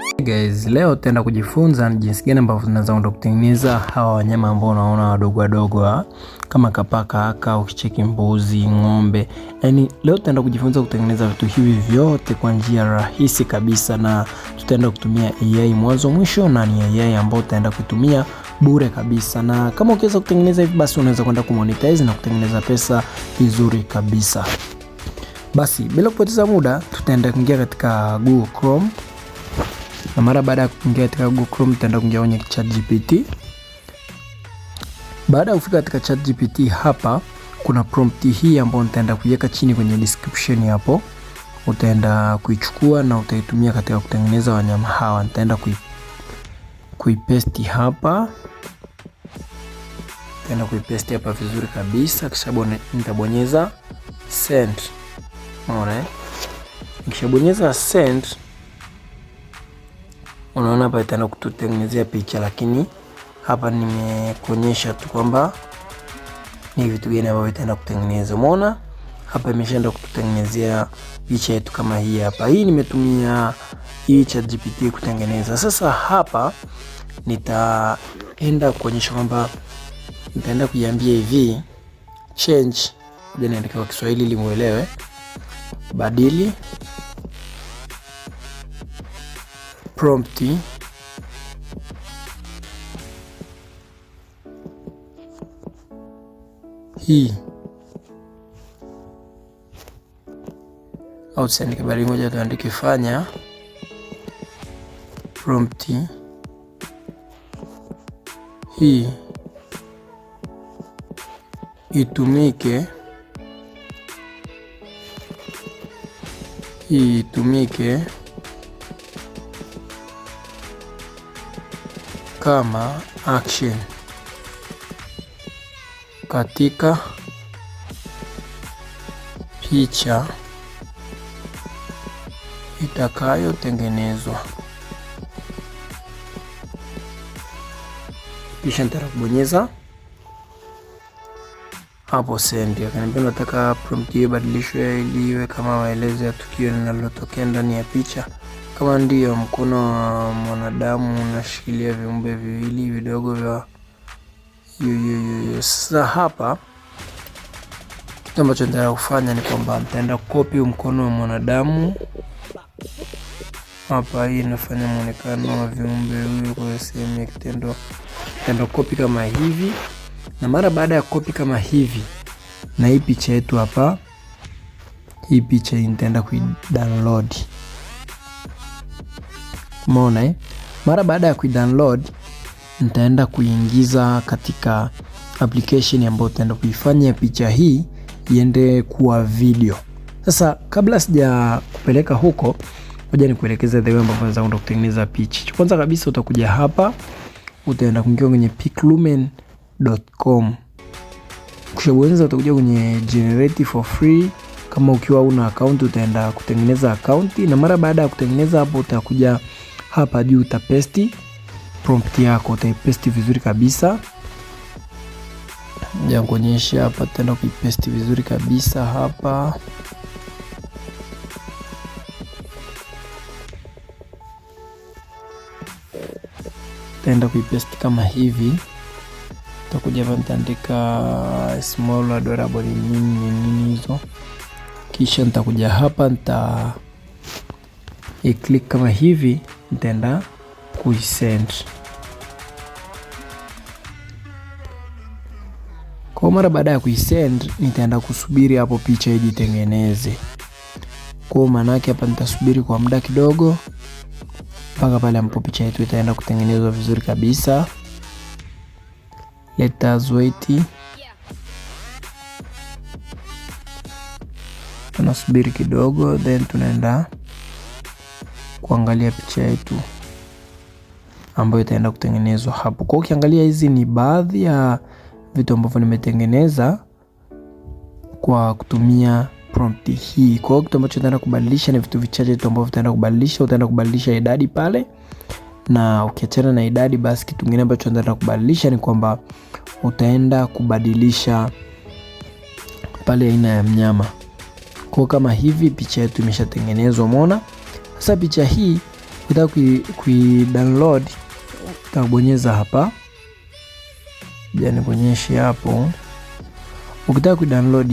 Hey guys, leo tutaenda kujifunza ni jinsi gani ambavyo tunaanza kutengeneza hawa wanyama ambao unaona wadogo wadogo ah, kama kapaka haka, ukicheki mbuzi, ng'ombe. Yaani leo tutaenda kujifunza kutengeneza vitu hivi vyote kwa njia rahisi kabisa na tutaenda kutumia AI mwanzo mwisho na ni AI ambayo tutaenda kutumia bure kabisa. Na kama ukiweza kutengeneza hivi basi unaweza kwenda kumonetize na kutengeneza pesa vizuri kabisa. Basi bila kupoteza muda tutaenda kuingia katika Google Chrome na mara baada ya kuingia katika Google Chrome utaenda kuingia kwenye ChatGPT. Baada ya kufika katika ChatGPT hapa kuna prompt hii ambayo nitaenda kuiweka chini kwenye description hapo. Utaenda kuichukua na utaitumia katika kutengeneza wanyama hawa. Nitaenda kui kuipesti hapa. Nitaenda kuipesti hapa vizuri kabisa kisha nitabonyeza send. Unaona? Eh? Nikishabonyeza send Unaona hapa itaenda kututengenezea picha, lakini hapa nimekuonyesha tu kwamba ni vitu gani ambavyo itaenda kutengeneza. Umeona hapa imeshaenda kututengenezea picha yetu kama hii hapa. Hii nimetumia hii ChatGPT kutengeneza. Sasa hapa nitaenda kuonyesha kwamba nitaenda kuiambia hivi change, niandike kwa Kiswahili ili muelewe, badili prompti hii au tusiandike bali moja, tuandike fanya prompti hii itumike hii itumike kama action katika picha itakayotengenezwa, kisha nitakubonyeza hapo sendi. Akaniambia nataka prompt hiyo ibadilishwe ili iwe kama maelezo ya tukio linalotokea ndani ya picha. Kama ndiyo mkono wa mwanadamu unashikilia viumbe viwili vidogo vya yuyuyuyu. Sasa hapa kitu ambacho nitaenda kufanya ni kwamba nitaenda kukopi mkono wa mwanadamu hapa. Hii inafanya mwonekano wa viumbe huyu kwa sehemu ya kitendo. Nitaenda kukopi kama hivi, na mara baada ya kukopi kama hivi, na hii picha yetu hapa, hii picha nitaenda kuidownload. Umeona eh? Mara baada ya kuidownload nitaenda kuingiza katika application ambayo tutaenda kuifanya picha hii iende kuwa video. Sasa kabla sija kupeleka huko, ngoja nikuelekeze the way ambavyo unaweza kwenda kutengeneza picha. Kwanza kabisa utakuja hapa, utaenda kuingia kwenye piclumen.com. Ukishabonyeza utakuja kwenye generate for free. Kama ukiwa una account utaenda kutengeneza account, na mara baada ya kutengeneza hapo utakuja hapa juu utapesti prompt yako, utaipesti vizuri kabisa. Nikuonyeshe hapa tena kuipesti vizuri kabisa hapa taenda kuipesti kama hivi. Takuja hapa nitaandika small adorable nini nini hizo, kisha nitakuja hapa nita click kama hivi ndenda kuisend. Kwa mara baada ya kuisend, nitaenda kusubiri hapo picha ijitengeneze. Kwa maanake hapa nitasubiri kwa muda kidogo, mpaka pale ambapo picha yetu itaenda kutengenezwa vizuri kabisa. Let us wait. Tunasubiri kidogo, then tunaenda kuangalia picha yetu ambayo itaenda kutengenezwa hapo. Kwa ukiangalia hizi ni baadhi ya vitu ambavyo nimetengeneza kwa kutumia prompt hii. Kwa kitu ambacho utaenda kubadilisha ni vitu vichache tu ambavyo utaenda kubadilisha, utaenda kubadilisha idadi pale. Na ukiachana na idadi, basi kitu kingine ambacho utaenda kubadilisha ni kwamba utaenda kubadilisha pale aina ya mnyama. Kwa kama hivi picha yetu imeshatengenezwa, umeona? Sasa picha hii ukitaka download utabonyeza hapa, janibonyeshe hapo. Ukitaka download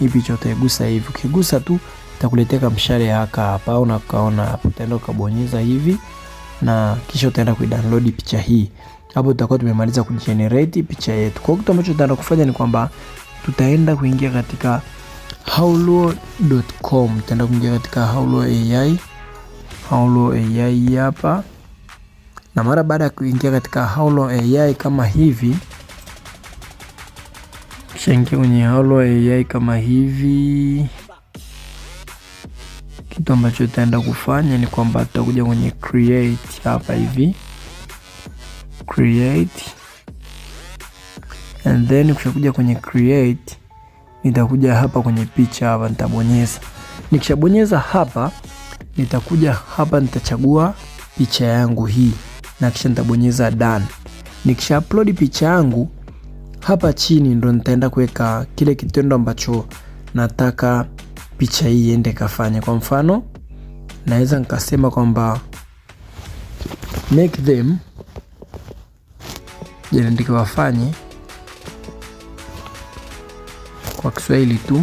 hii picha utaigusa hivi, ukigusa tu itakuletea mshale haka hapa, una kaona hapo, utaenda ukabonyeza hivi na kisha utaenda download picha hii hapo. Tutakuwa tumemaliza kujenerate picha yetu. Kwa kitu ambacho tutaenda kufanya ni kwamba tutaenda kuingia katika howlo.com, tutaenda kuingia katika howlo.ai Haulo AI hapa, na mara baada ya kuingia katika Haulo AI kama hivi, kishaingia kwenye Haulo AI kama hivi, kitu ambacho itaenda kufanya ni kwamba tutakuja kwenye create hapa hivi create and then kushakuja kwenye create, nitakuja hapa kwenye picha hapa nitabonyeza. Nikishabonyeza hapa nitakuja hapa, nitachagua picha yangu hii na kisha nitabonyeza done. Nikisha upload picha yangu hapa chini, ndo nitaenda kuweka kile kitendo ambacho nataka picha hii iende kafanya. Kwa mfano, naweza nikasema kwamba make them jana, yaani wafanye kwa Kiswahili tu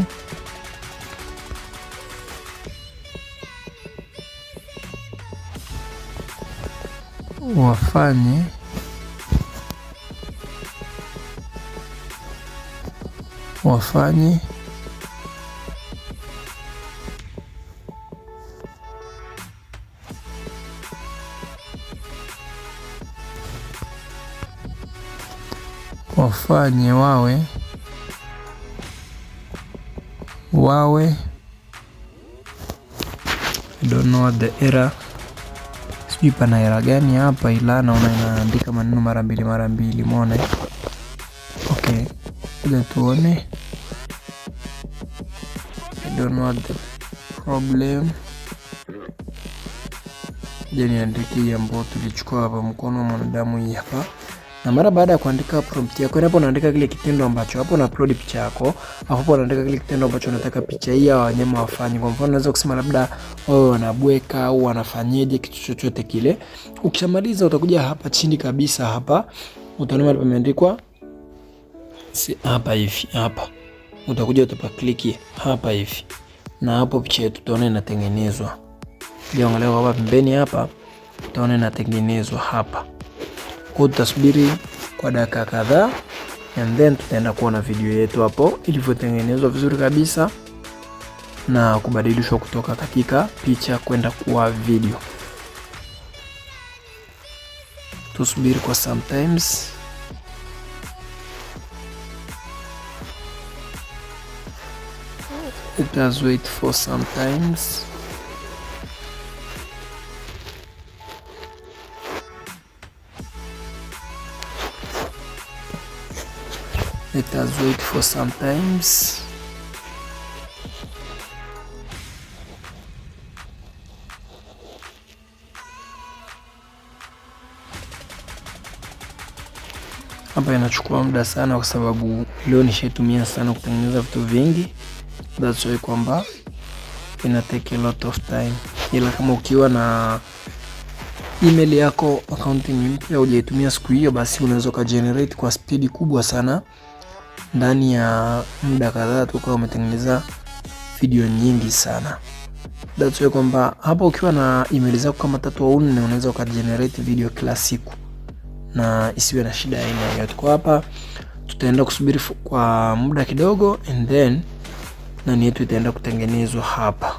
wafanye wafanye wafanye wawe wawe I don't know the error sijui pana hela gani hapa ila naona inaandika maneno mara mbili mara mbili umeona okay kuja tuone I don't know the problem jeni andiki ambayo tulichukua hapa mkono wa mwanadamu hii hapa na mara baada ya kuandika prompt yako, hapo unaandika kile kitendo ambacho hapo una upload picha yako, hapo unaandika kile kitendo ambacho unataka picha hii ya wanyama wafanye. Kwa mfano, unaweza kusema labda wao oh, wanabweka au wanafanyaje kitu chochote kile. Ukishamaliza utakuja hapa chini kabisa, hapa utaona mahali pameandikwa si hapa hivi, hapa utakuja utapa click hapa hivi, na hapo picha yetu tutaona inatengenezwa. Je, angalia hapa pembeni hapa utaona inatengenezwa hapa kutasubiri kwa dakika kadhaa, and then tutaenda kuona video yetu hapo ilivyotengenezwa vizuri kabisa na kubadilishwa kutoka katika picha kwenda kuwa video. Tusubiri kwa sometimes It does wait for sometimes let us wait for some times hapa inachukua muda sana kwa sababu leo nishaitumia sana kutengeneza vitu vingi, that's why kwamba ina take a lot of time, ila kama ukiwa na email yako akaunti ni mpya hujaitumia siku hiyo, basi unaweza ukagenerate kwa spidi kubwa sana ndani ya muda kadhaa tukawa umetengeneza video nyingi sana. That's why kwamba hapa ukiwa na email zako kama tatu au nne unaweza ukajenerate video kila siku na isiwe na shida aina yoyote. Kwa hapa tutaenda kusubiri kwa muda kidogo and then nani yetu itaenda kutengenezwa hapa.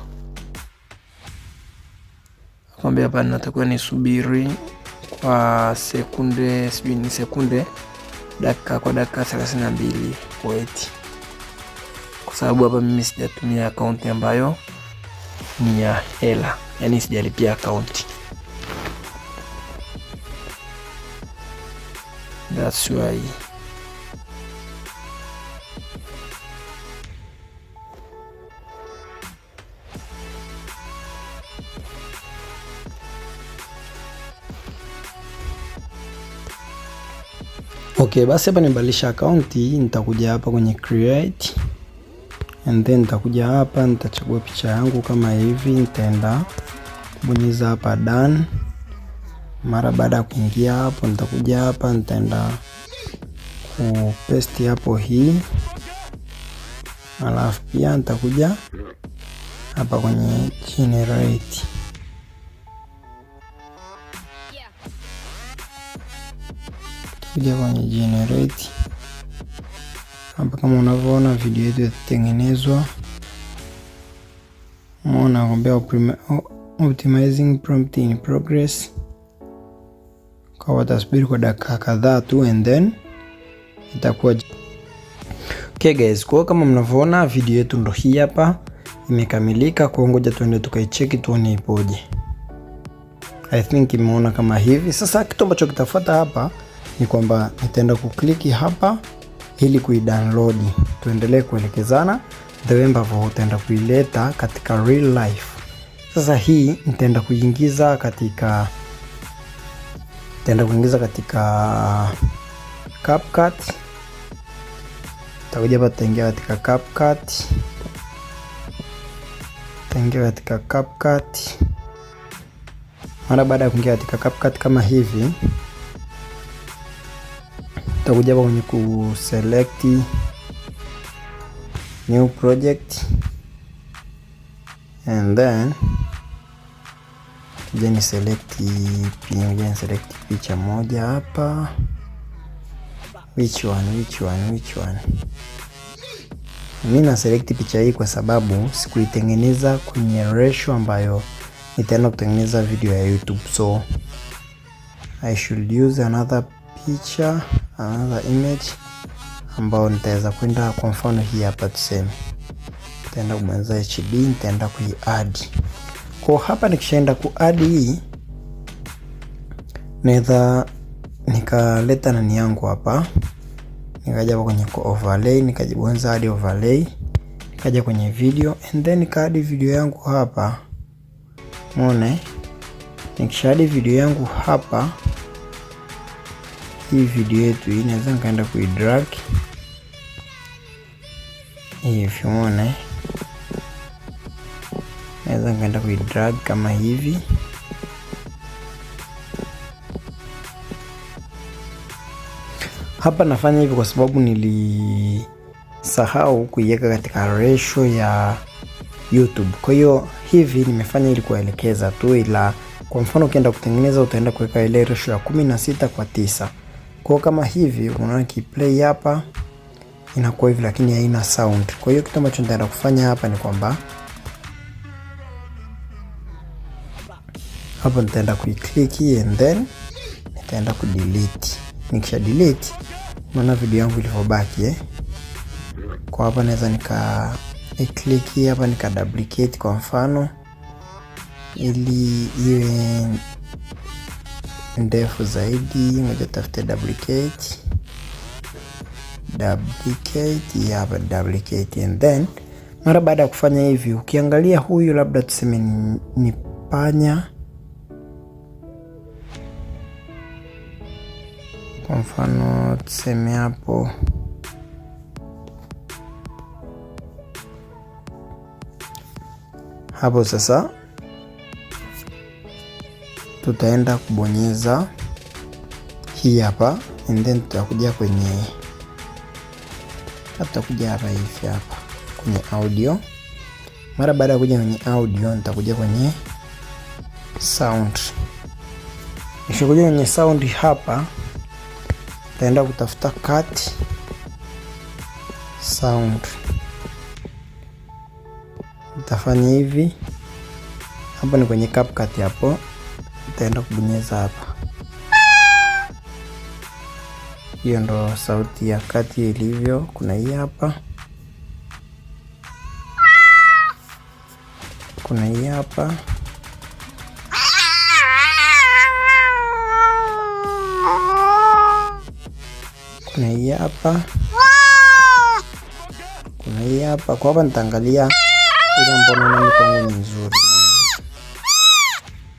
Kwamba hapa natakuwa nisubiri kwa sekunde, sijui ni sekunde dakika kwa dakika 32 poeti, kwa sababu hapa mimi sijatumia akaunti ambayo ni ya hela, yani sijalipia akaunti. That's why Okay, basi hapa nibadilisha account, nitakuja hapa kwenye create and then nitakuja hapa, nitachagua picha yangu kama hivi, nitaenda kubonyeza hapa done. Mara baada ya kuingia hapo, nitakuja hapa, nitaenda ku paste hapo hii, alafu pia nitakuja hapa kwenye generate Kuja kwenye generate hapa, kama unavyoona video yetu yatengenezwa. Umeona nakwambia optimizing prompt in progress, kwa watasubiri kwa dakika kadhaa tu and then itakuwa okay guys. Kwa kama mnavyoona video yetu ndo hii hapa imekamilika, kwa ngoja tuende tukaicheki tuone ipoje. I think imeona kama hivi. Sasa kitu ambacho kitafuata hapa ni kwamba nitaenda kukliki hapa ili kuidownload. Tuendelee kuelekezana the way ambavyo utaenda kuileta katika real life. Sasa hii nitaenda kuingiza katika nitaenda kuingiza katika CapCut. Takuja hapa, tutaingia katika CapCut, tutaingia katika CapCut. Mara baada ya kuingia katika CapCut kama hivi utakuja hapa kwenye kuselect new project and then kija ni select pia ni select picha moja hapa, which one, which one, which one. Mimi na select picha hii kwa sababu sikuitengeneza kwenye ratio ambayo nitaenda kutengeneza video ya YouTube, so I should use another picha, another image ambao nitaweza kwenda kwa mfano hii hapa tuseme. Nitaenda kumaliza HD, nitaenda kui add. Kwa hapa nikishaenda ku add hii naweza nikaleta nani yangu hapa. Nikaja hapa kwenye overlay, nikajibonza add overlay. Nikaja kwenye video and then nika video yangu hapa. muone eh? Nikisha video yangu hapa hii video yetu hii, naweza nikaenda kuidrag hivi, eh. umeona, naweza nikaenda kuidrag kama hivi hapa. Nafanya hivi kwa sababu nilisahau kuiweka katika ratio ya YouTube. Kwa hiyo hivi nimefanya ili kuelekeza tu, ila kwa mfano ukienda kutengeneza utaenda kuweka ile ratio ya kumi na sita kwa tisa. Kwa kama hivi unaona kiplay hapa inakuwa hivi, lakini haina sound. Kwa hiyo kitu ambacho nitaenda kufanya hapa ni kwamba hapa nitaenda kuiclick and then nitaenda kudelete. Nikisha delete, maana video yangu ilivyobaki eh. Kwa hapa naweza nika click hapa nika duplicate kwa mfano ili iwe ndefu zaidi, ngoja tafute duplicate duplicate, hii hapa duplicate. And then mara baada ya kufanya hivi, ukiangalia huyu labda tuseme ni, ni panya kwa mfano tuseme hapo hapo sasa tutaenda kubonyeza hii hapa and then tutakuja kwenye tutakuja hapa hivi hapa kwenye audio. Mara baada ya kuja kwenye audio, nitakuja kwenye sound. Nikishakuja kwenye sound hapa, nitaenda kutafuta cut sound, nitafanya hivi hapo, ni kwenye CapCut hapo nitaenda kubonyeza hapa. Hiyo ndo sauti ya kati ilivyo. Kuna hii hapa, kuna hii hapa, kuna hii hapa, kuna hii hapa. Kwa hapa nitaangalia ile ambayo naona kwangu ni nzuri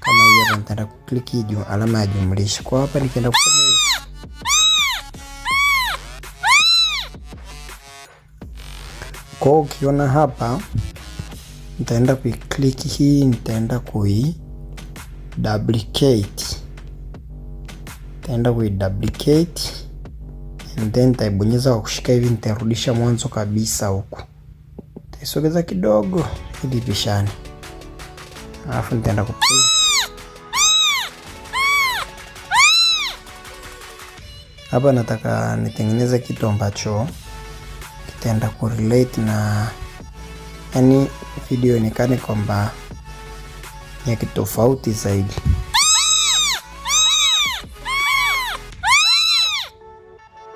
kama hiyo hapa, nitaenda kukliki juu alama ya jumlisha. Kwa hapa nikienda kufanya hivi kwa ukiona hapa, nitaenda kuikliki hii, nitaenda kui duplicate, nitaenda kui duplicate and then nitaibonyeza kwa kushika hivi, nitarudisha mwanzo kabisa huku, nitaisogeza kidogo ili pishane, alafu nitaenda kupiga Hapa nataka nitengeneze kitu ambacho kitaenda kurelate na yani video ionekane kwamba ni kitofauti zaidi.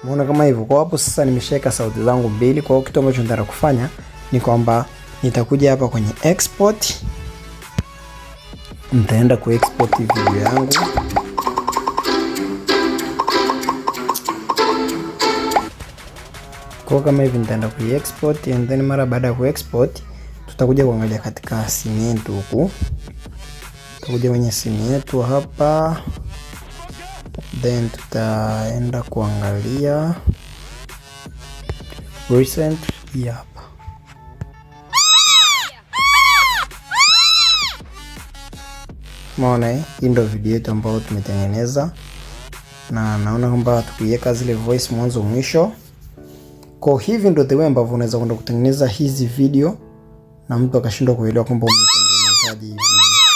Muona kama hivyo. Kwa hapo sasa nimeshaweka sauti zangu mbili. Kwa hiyo kitu ambacho nataka kufanya ni kwamba nitakuja hapa kwenye export, nitaenda kuexport video yangu. Kwa kama hivi nitaenda ku export and then mara baada ya ku export tutakuja kuangalia katika simu yetu huku. Tutakuja kwenye simu yetu hapa. Then tutaenda kuangalia recent hapa. Maona eh? hii ndio video yetu ambayo tumetengeneza, na naona kwamba tukiweka zile voice mwanzo mwisho kwa hivi ndio the way ambavyo unaweza kwenda kutengeneza hizi video na mtu akashindwa kuelewa kwamba umetengenezaje hivi.